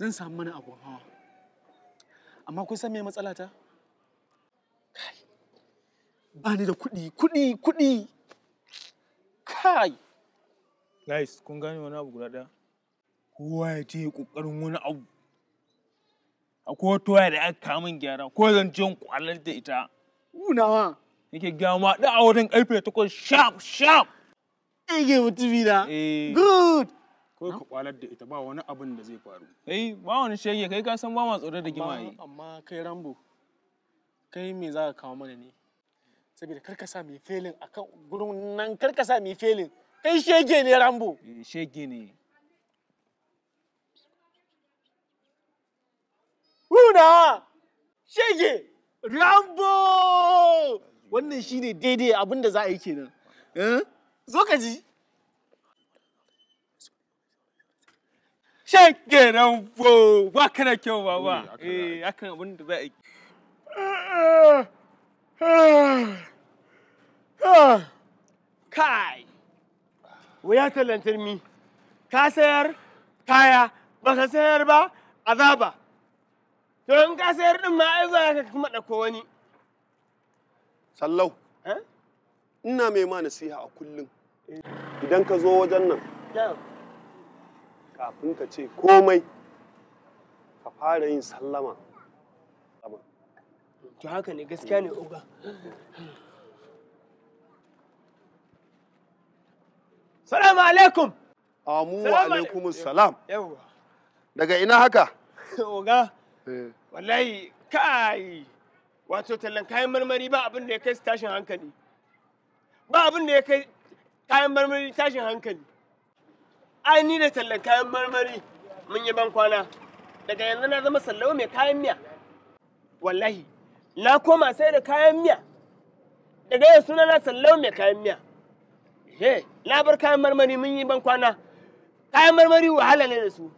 zan samu mana abun hawa amma kun san me matsala ta kai ba ni da kuɗi kuɗi kuɗi kai guys kun gane wani abu guda ɗaya kowa ya je ƙoƙarin wani abu akwai wata ya da aka kama gyara ko zan je in kwalar da ita unawa yake gama ma da a wurin karfe takwas sharp sharp Ege mutumina. Eh. Good. ko ka kwalar da ita ba wani abin da zai faru Kai ba wani shege kai ka san ba ma tsoro da gimaye amma kai rambo kai me za ka kawo mana ne saboda karka sa mai felin akan gurin nan karka sa mai felin kai shege ne rambo eh, shege ne Huna! Shege! Rambo! Wannan shine daidai abin da za a yi kenan. Eh? Zo ka ji. shan kenan bo ba ka da kyau ba ba eh akan abin da za a yi kai wuya talantar mi ka sayar kaya ba ka sayar ba azaba to in ka sayar din ma ai za ka kuma ɗauko wani sallau eh? ina mai ma nasiha a kullum idan ka zo wajen nan kafin ka ce komai ka fara yin sallama to haka ne gaskiya ne uba salamu alaikum amu alaikum salam daga ina haka oga eh. wallahi kai wato tallan kayan marmari ba abin da ya kai tashin hankali ba abin da ya kai kayan marmari tashin hankali ai ni da tallan kayan marmari mun yi ban kwana daga yanzu na zama sallawa mai kayan miya wallahi na koma sai da kayan miya daga yanzu suna na sallawa mai kayan miya he na bar kayan marmari mun yi ban kwana kayan marmari wahala ne da su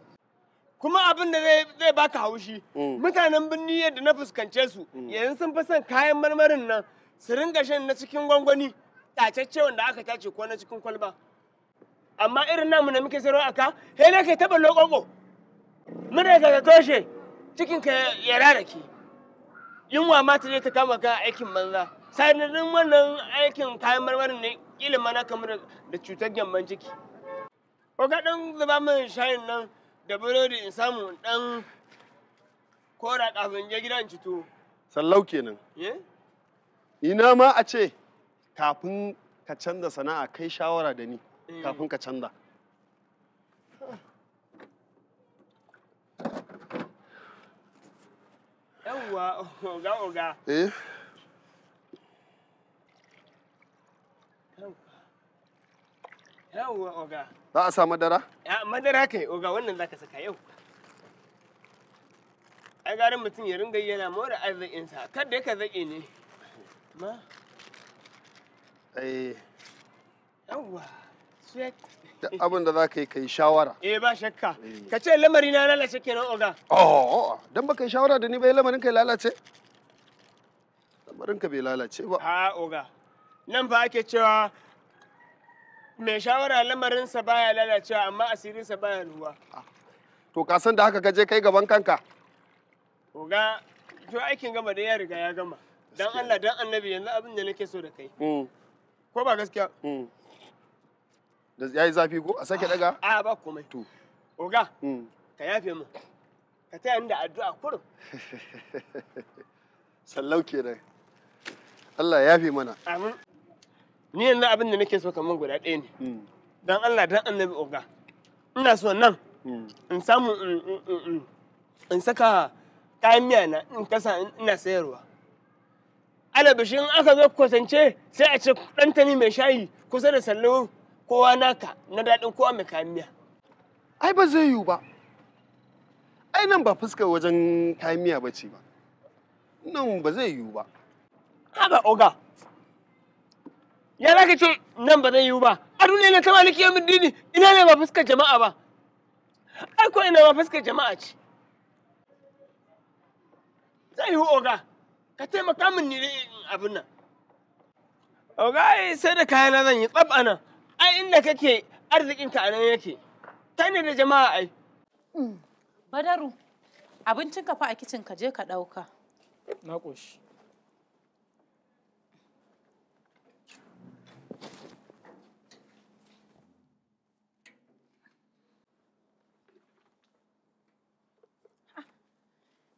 kuma abin da zai baka haushi mm. mutanen birni yadda na fuskance su mm. yanzu sun fi son kayan marmarin nan su ringa shan na cikin gwangwani tacacce wanda aka tace ko na cikin kwalba amma irin namu na muke sayarwa aka he ne ke taba lokoko muna ka toshe cikin ka ya rarake yunwa ma ta je ta kama ka aikin manza. sanadin wannan aikin kayan marmarin ne kila mana kamar da cutar gyamban ciki ko ka dan zuba min shayin nan da burodi in samu dan kora kafin je gidan cito sallau kenan eh? ina ma a ce kafin ka canza sana'a kai shawara da ni Mm. kafin ka canza yawwa oga oga eh yawwa oga za a sa madara? ya madara kai oga wannan zaka saka yau ai garin mutum ya ringa yana more arzikinsa da ka zaƙe ne ma eh yawwa Da abin da za ka yi ka yi shawara. Eh ba shakka. Ka ce lamari na lalace kenan oga. Oh, dan baka yi shawara da ni bai lamarin ka lalace? Lamarin ka bai lalace ba. Ha oga. Nan fa ake cewa mai shawara lamarinsa baya lalacewa amma asirinsa baya ruwa. Ah. To ka san da haka ka je kai gaban kanka? Oga, to aikin gama da ya riga ya gama. Dan Allah dan Annabi yanzu abin da nake so da kai. Mm. Ko ba gaskiya? Mm. da yayi zafi ko a sake daga a ah, ba komai to oga hmm. ka yafe mu ka taya ni da addu'a kurum sallau kenan Allah ya yafe mana amin ni yanzu abin da nake so kaman guda ɗaya ne hmm. dan Allah dan annabi oga ina so nan hmm. in samu in saka kayan miya na in kasa ina sayarwa alabashin aka zo kwatance sai a ce ɗantani mai shayi kusa da sallau kowa naka na daɗin kowa mai kayan miya. Ai ba zai yiwu ba. Ai nan ba fuskar wajen kayan miya ba ce ba. Nan ba zai yiwu ba. Haka oga. Ya za ka ce nan ba zai yiwu ba. A duniya na tama nake yamin dini ina ne ba fuskar jama'a ba. Ai ko ina ba fuskar jama'a ce. Zai yiwu oga. Ka taimaka min ni abin nan. Oga sai da kayana zan yi tsab a nan. ai inda kake arzikinka a nan yake ta ne da jama'a ai mm. badaru abincin ka fa a kicin ka je ka ɗauka na koshi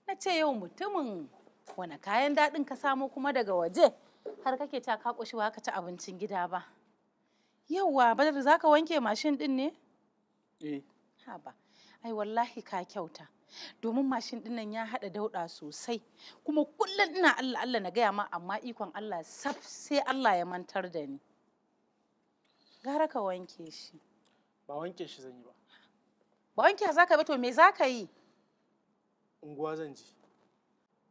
na ce yau mutumin wani kayan daɗin ka samo kuma daga waje har kake ta ka ƙoshi ba ka ci abincin gida ba Yawwa, Badar za ka wanke mashin ɗin ne? Eh. Haba, ai wallahi ka kyauta. Domin mashin ɗin nan ya haɗa dauɗa sosai, kuma kullum ina Allah Allah na gaya ma amma ikon Allah saf sai Allah ya mantar da ni. Gara ka wanke shi. Ba wanke shi zan yi ba. Ba wanke za ka to me za ka yi? Unguwa zan ji.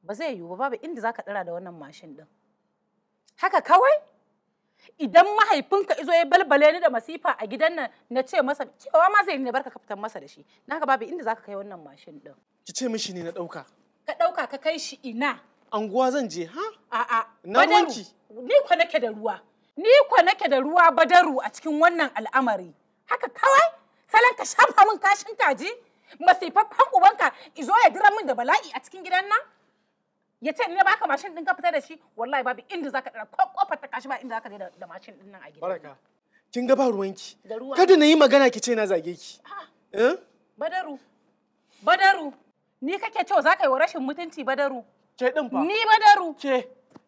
Ba zai yiwu ba babu inda za ka ɗara da wannan mashin ɗin. Haka kawai? idan mahaifinka izo ya balbale ni da masifa a gidan nan na ce masa cewa ma zai ni barka ka fitan masa da shi na ka babu inda zaka kai wannan mashin din ki ce mishi ne na dauka ka dauka ka kai shi ina anguwa zan je ha a'a na wanki ni ko nake da ruwa ni ko nake da ruwa badaru a cikin wannan al'amari haka kawai salon ka shafa min kashin kaji masifaffan ubanka izo ya dira min da bala'i a cikin gidan nan ya ce ne baka mashin din ka fita da shi wallahi babu inda zaka dara ko kofar ta kashi ba inda zaka je da mashin din nan a gida baraka kin ga ba ruwanki kada na yi magana ki ce na zage ki ah, eh? badaru badaru ni kake cewa zaka yi wa rashin mutunci badaru ke din fa ni badaru ke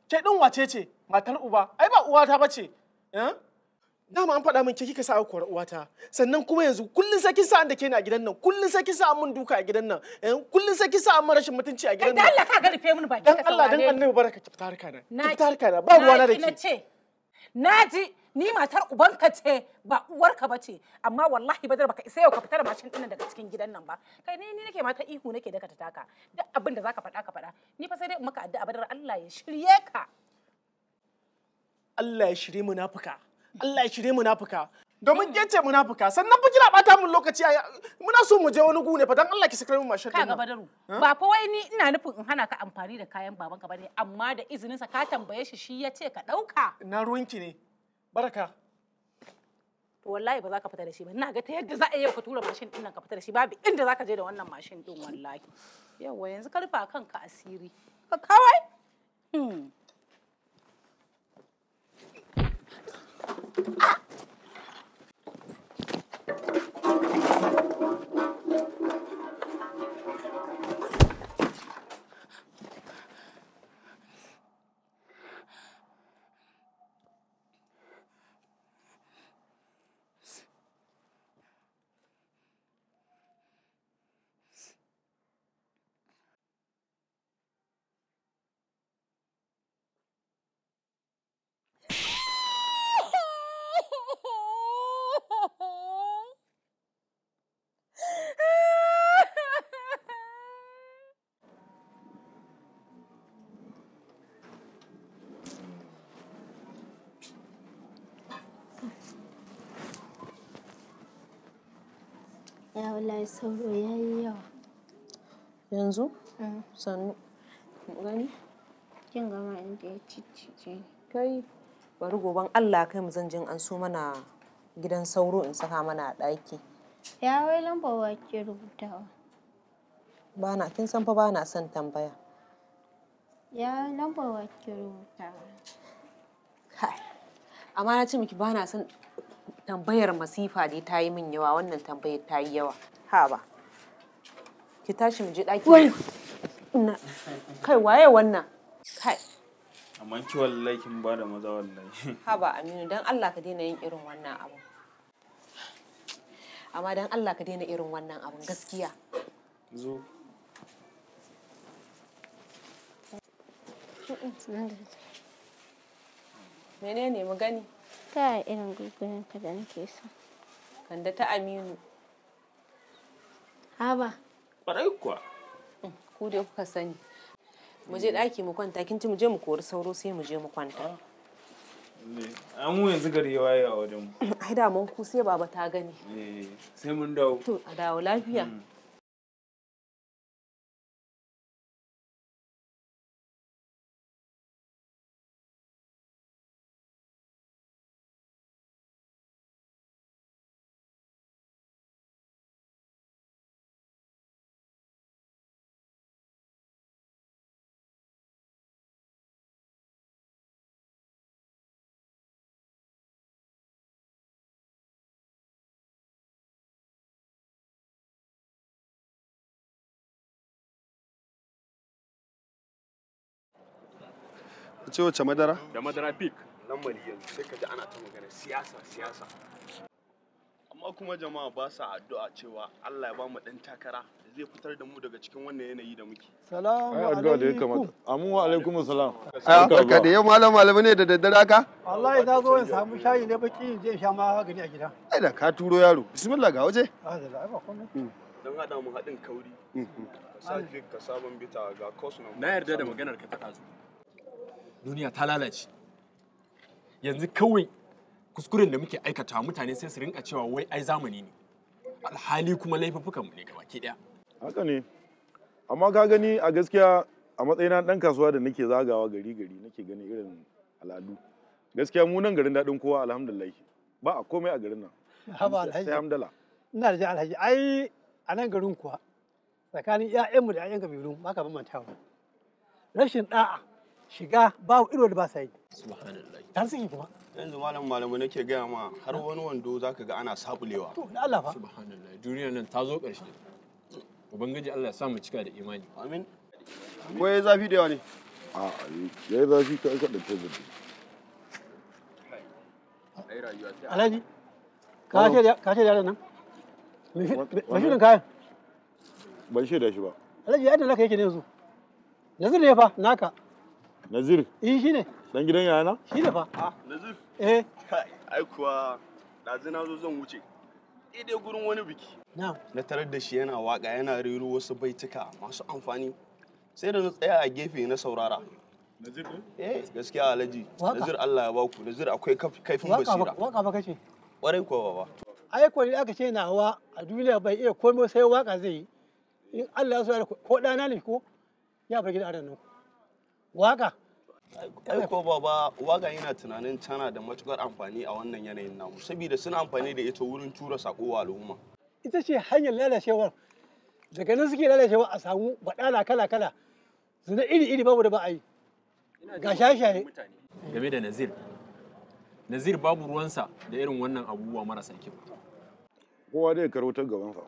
ke din wace ce matar uba ai ba uwata ta bace eh dama an faɗa min ke kika sa a kwar uwata sannan kuma yanzu kullun sai kin sa an da ke ni a gidan nan kullun sai kin sa an mun duka a gidan nan eh, kullun sai kin sa an rashin mutunci a gidan nan dan Allah ka ga rufe mun baki dan Allah dan annabi baraka ki fita kana na ki fita kana na ba ruwana da ki na ji ni matar ubanka ce ba uwarka ba ce amma wallahi badar baka isa yau ka fita da mashin dinnan daga cikin gidan nan ba kai ni nake mata ihu nake daga ta taka duk abin da zaka faɗa ka faɗa ni fa sai dai maka addu'a badar Allah ya shirye ka Allah ya shirye munafuka Allah ya shirye munafuka domin ke ce munafuka sannan fa kina bata mun lokaci muna so mu je wani gune fa dan Allah ki sakar mu mashin Ka gaba ba fa wai ni ina nufin in hana ka amfani da kayan baban ka bane amma da izinin sa ka tambaye shi shi ya ce ka dauka na ruwanki ne baraka to wallahi ba za ka fita da shi ba ina ga ta yadda za a yi ka tura mashin din nan ka fita da shi babu inda za ka je da wannan mashin din wallahi yawa yanzu ka rufa kanka asiri ka kawai hmm. あっ Ya wallahi sauro ya yi yawa. Yanzu? Mm. Sannu. bari goben Allah kai mu zan jin an mana gidan sauro in saka mana a ɗaki. Ya wai kin san fa na son tambaya. Ya lamba ke rubutawa. na ce miki na son tambayar masifa dai ta yi min yawa wannan tambayar ta yi yawa ha ba ki tashi mu je ɗaki wai kai waye wannan kai amma ki wallahi kin ba da maza wallahi ha ba aminu dan Allah ka daina yin irin wannan abu amma dan Allah ka daina irin wannan abun gaskiya zo menene mu gani Kai irin gungunan ka da nake so. Kande ta Aminu. Haba. Ƙwarai kuwa. Mm, ku dai kuka sani. Mu je ɗaki mu kwanta, kin ci mu je mu kori sauro sai mu je mu kwanta. An ah, mu yanzu gari ya waye a wajen mu. Ai da mun ku sai baba ta gani. Eh, sai mun dawo. To a dawo lafiya. Mm. ce wacce madara? Da madara peak Nan yanzu sai ka ji ana ta magana siyasa siyasa. Amma kuma jama'a ba sa addu'a cewa Allah ya ba mu dan takara da zai fitar da mu daga cikin wannan yanayi da muke. Salamu alaikum. Amin wa alaikum salam. Ah, ka da yau malam malami ne da daddare aka. Wallahi na zo in samu shayi ne baki in je sha ma gani a gida. Ai da ka turo yaro. Bismillah ga waje. Ah da ba hmm. Don haɗa mu haɗin kauri. Hmm, hmm. Ka sa ka sabon bita ga kosmo. Na yarda da maganar ka ta ɗazu. duniya ta lalace yanzu kawai kuskuren da muke aikata mutane sai su rinka cewa wai ai zamani ne alhali kuma mu ne ga baki daya haka ne amma ka gani a gaskiya a matsayina ɗan kasuwa da nake zagawa gari gari nake gani irin al'adu gaskiya mu nan garin daɗin kowa alhamdulillah ba a komai a garin nan haba alhaji ina da alhaji ai a nan garin kuwa tsakanin 'ya'yanmu da 'ya'yan kabilu ba ka bambantawa rashin da'a shiga babu ido da ba sa yi subhanallah ta sigi kuma yanzu malam malamu nake gaya ma har wani wando zaka ga ana sabulewa to da Allah fa subhanallah duniyar nan ta zo ƙarshe ubangiji Allah ya sa mu cika da imani amin ko yayi zafi da yawa ne a yayi zafi ta ka da tazar Alhaji, ka ce da yaran nan? Bashirin kayan? Ban shaida shi ba. Alhaji, ya da naka yake ne yanzu. Yanzu ne fa, naka. Nazir. Eh shi ne. Dan gidan yana? Shi ne fa. Ah, Nazir. Eh. Kai, ai kuwa da na zo zan wuce. dai gurin wani biki. Na. Na tarar da shi yana waka yana riru wasu baituka masu amfani. Sai da na tsaya a gefe na saurara. Nazir Eh, gaskiya Alhaji. Nazir Allah ya baku. Nazir akwai kaifin basira. Waka ba kace. Kwarai kuwa baba. Ai ko aka ce na hawa a duniya bai iya komai sai waka zai yi. In Allah ya so ko dana ne ko ya bar gidan aran nan. Waka? Ai ko baba waga yana tunanin tana da matukar amfani a wannan yanayin namu saboda suna amfani da ita wurin tura sako wa al'umma. Ita ce hanyar lalacewar daga nan suke lalacewa a samu baɗala kala-kala zina iri-iri babu da ba a yi. Ga shaye-shaye. Game da Nazir. Nazir babu ruwansa da irin wannan abubuwa marasa kyau. Kowa dai karautar gabansa.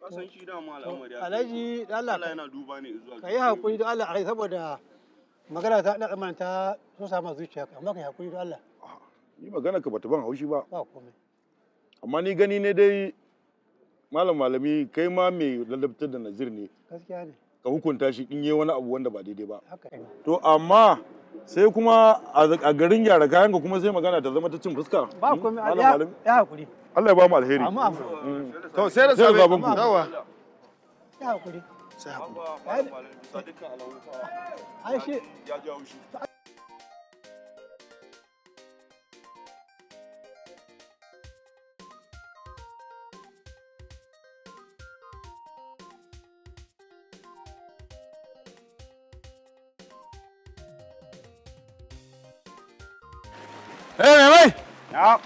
Kasan shi dama al'amari. Alhaji dan Allah yana duba ne zuwa. kai hakuri da Allah a saboda magana ta da kamar ta so ma zuciya amma kai hakuri da Allah ni magana ka bata ban haushi ba ba komai amma ni gani ne dai malam malami kai ma mai lalabtar da nazir ne gaskiya ne ka hukunta shi in yi wani abu wanda ba daidai ba to amma sai kuma a garin gyara kayan ka kuma sai magana ta zama ta cin fuska ba komai Allah ya hakuri Allah ya ba mu alheri amma mm. to sai da sabon ku yawa ya hakuri Hey, haƙuri ai shi ya jawo shi eh, mai mai? Ya.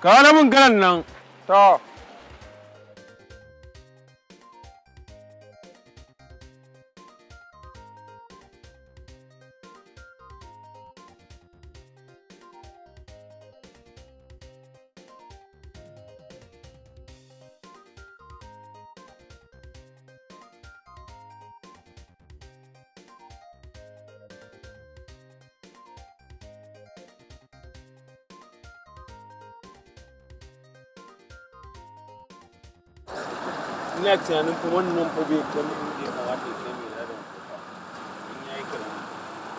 Ka wani mun nan. To. ina tunanin fa wannan fa bai kai mu inda ya kamata ya kai mai ladan kuka in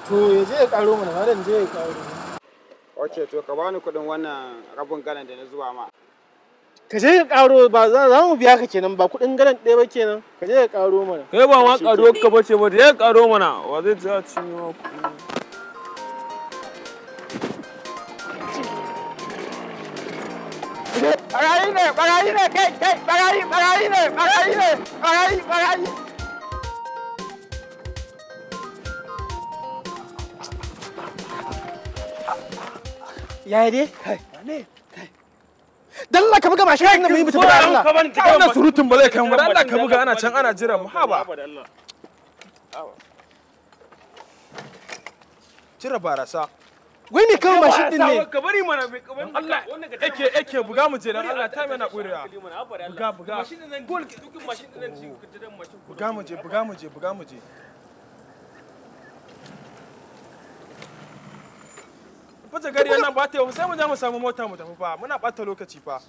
to ya je ya karo mana malam je ya karo ok to ka bani kuɗin wannan rabin galan da na zuba ma ka je ka karo ba za mu biya ka kenan ba kuɗin galan ɗaya ba kenan ka je ka karo mana kai ba ma karo ka bace ba je ka karo mana wa zai ci ma barayi ne barayi ne kai kai barayi barayi ne kai dan Allah ka buga nan mutum da Allah surutun bale kan ba Allah ka buga ana can ana jira mu haba Jira barasa wai me kawo mashin din ne ka bari mana me kaman Allah yake yake buga mu je dan Allah ta mai na kurewa buga buga mashin nan gol ke dukin mashin nan cikin kudiran mashin buga mu je buga mu je buga mu je Fata gari yana ba ta yau sai mu je mu samu mota mu tafi fa muna bata lokaci fa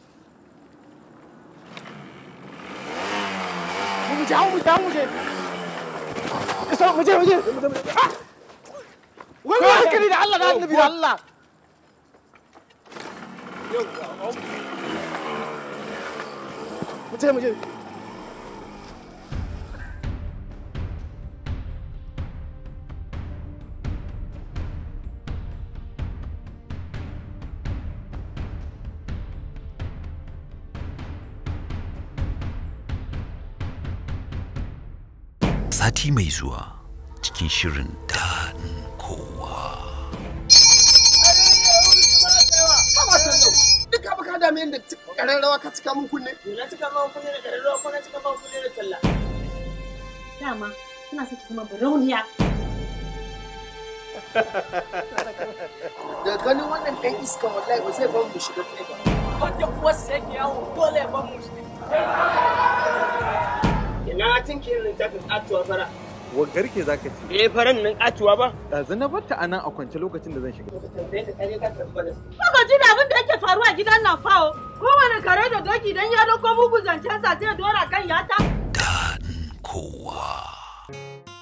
Mu je mu je mu je Mu je mu ah! je wani hankali da Allah da annabi da Allah mu je sati mai zuwa cikin shirin faɗa min da rawa ka cika min kunne? Na cika min kunne da rawa ko na cika min kunne da talla. Dama, suna saki zama barauniya. Da ganin wannan ɗan iska wallahi ba zai ban mu shiga kai ba. Wanda kuwa sai ki yawo dole ya ban mu shiga. Ina tinkirin ta ka tsatuwa fara. wa garke za ka ci. Eh faran nan kacewa ba. Ɗazu na barta a nan a kwance lokacin da zan shiga. Baka ji da abin da yake faruwa gidan nan fawo. Kowane kare da doki dan ya dauko sa zancensa zai dora kan yata. Dan kowa.